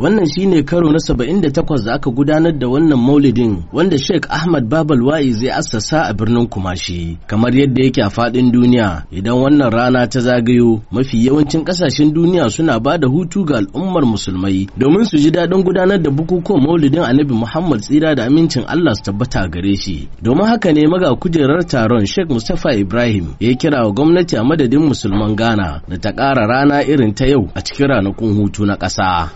Wannan shine karo na saba'in da da aka gudanar da wannan maulidin wanda Sheikh Ahmad Babal Wa'i zai assasa a birnin Kumashi. Kamar yadda yake a faɗin duniya, idan wannan rana ta zagayo, mafi yawancin ƙasashen duniya suna ba da hutu ga al'ummar musulmai domin su ji daɗin gudanar da bukukuwan maulidin Annabi Muhammad tsira da amincin Allah su tabbata gare shi. Domin haka ne maga kujerar taron Sheikh Mustapha Ibrahim ya kira wa gwamnati a madadin musulman Ghana da ta ƙara rana irin ta yau a cikin ranakun hutu na ƙasa.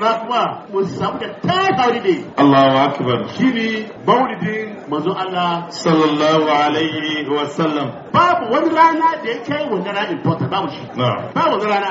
barna kuma mu samu da ta holiday Allahu akbar shine maulidin manzon Allah sallallahu alaihi wa sallam babu wani rana da ya kai wannan rana important babu shi babu wani rana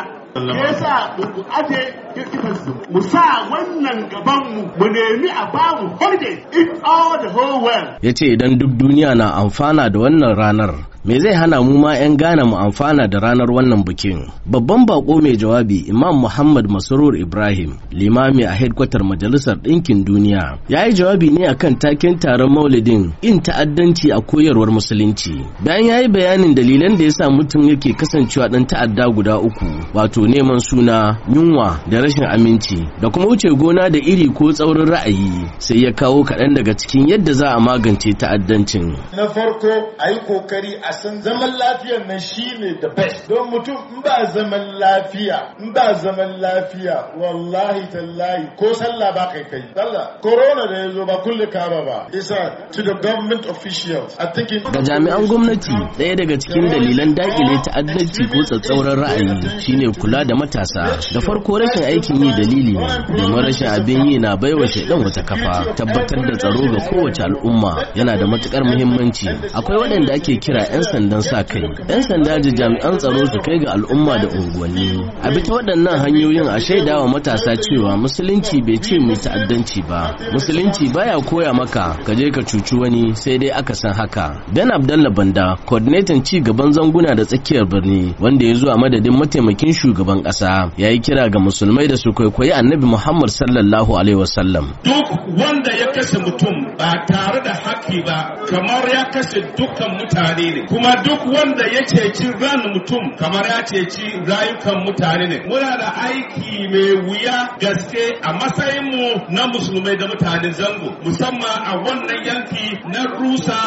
yasa mu aje kirkifansu mu sa wannan gabanmu mu nemi a bamu holiday in all the whole world ce idan duk duniya na amfana da wannan ranar me zai hana mu ma 'yan Ghana mu amfana da ranar wannan bikin. Babban baƙo mai jawabi Imam Muhammad masarur Ibrahim, limami a hedkwatar Majalisar Ɗinkin Duniya, ya yi jawabi ne a kan taken taron Maulidin in ta'addanci a koyarwar Musulunci. Bayan ya yi bayanin dalilan da ya sa mutum yake kasancewa ɗan ta'adda guda uku, wato neman suna, yunwa da rashin aminci, da kuma wuce gona da iri ko tsaurin ra'ayi, sai ya kawo kaɗan daga cikin yadda za a magance ta'addancin. Na farko a yi kokari a san zaman lafiyar nan shine the best don mutum in ba zaman lafiya in ba zaman lafiya wallahi tallahi ko sallah ba kai kai sallah corona da yazo ba kulle kaba ba isa to the government officials i think ga jami'an gwamnati daya daga cikin dalilan dakile ta'addanci ko tsatsauran ra'ayi shine kula da matasa da farko rashin aikin yi dalili ne domin rashin abin yi na baiwa shaidan wata kafa tabbatar da tsaro ga kowace al'umma yana da matukar muhimmanci akwai waɗanda ake kira 'yan sandan sa kai 'yan sanda da jami'an tsaro su kai ga al'umma da unguwanni a bi waɗannan hanyoyin a shaida wa matasa cewa musulunci bai ce mai ta'addanci ba musulunci baya koya maka ka je ka cuci wani sai dai aka san haka dan abdallah banda coordinating ci gaban zanguna da tsakiyar birni wanda ya zuwa madadin mataimakin shugaban ƙasa ya yi kira ga musulmai da su kwaikwayi annabi muhammad sallallahu alaihi wasallam duk wanda ya kashe mutum ba tare da haƙƙi ba kamar ya kashe dukkan mutane ne kuma duk wanda ya ceci ran mutum kamar ya ceci rayukan mutane ne muna da aiki mai wuya gaske a matsayin mu na musulmai da mutanen zango musamman a wannan yanki na rusa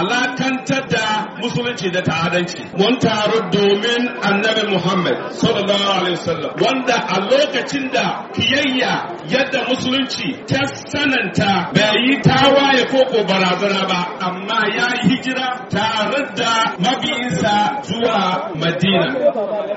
alakantar da musulunci da ta'adanci mun taru domin annabi muhammad sallallahu alaihi wasallam wanda a lokacin da kiyayya yadda musulunci ta sananta bai yi tawaye ko ko barazana ba amma ya yi hijira tare da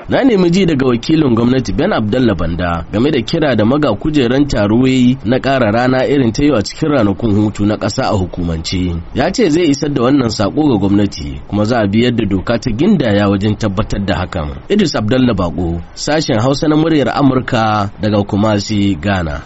Na nemi ji daga wakilin gwamnati Ben Abdullah Banda game da kira da maga kujeran taruwayi na ƙara rana irin ta yiwa a cikin ranakun hutu na ƙasa a hukumance. Ya ce zai isar da wannan sako ga gwamnati kuma za a biyar da doka ta gindaya wajen tabbatar da hakan. Idris Abdallah Bako, sashen Hausa na muryar Amurka daga Kumasi, Ghana.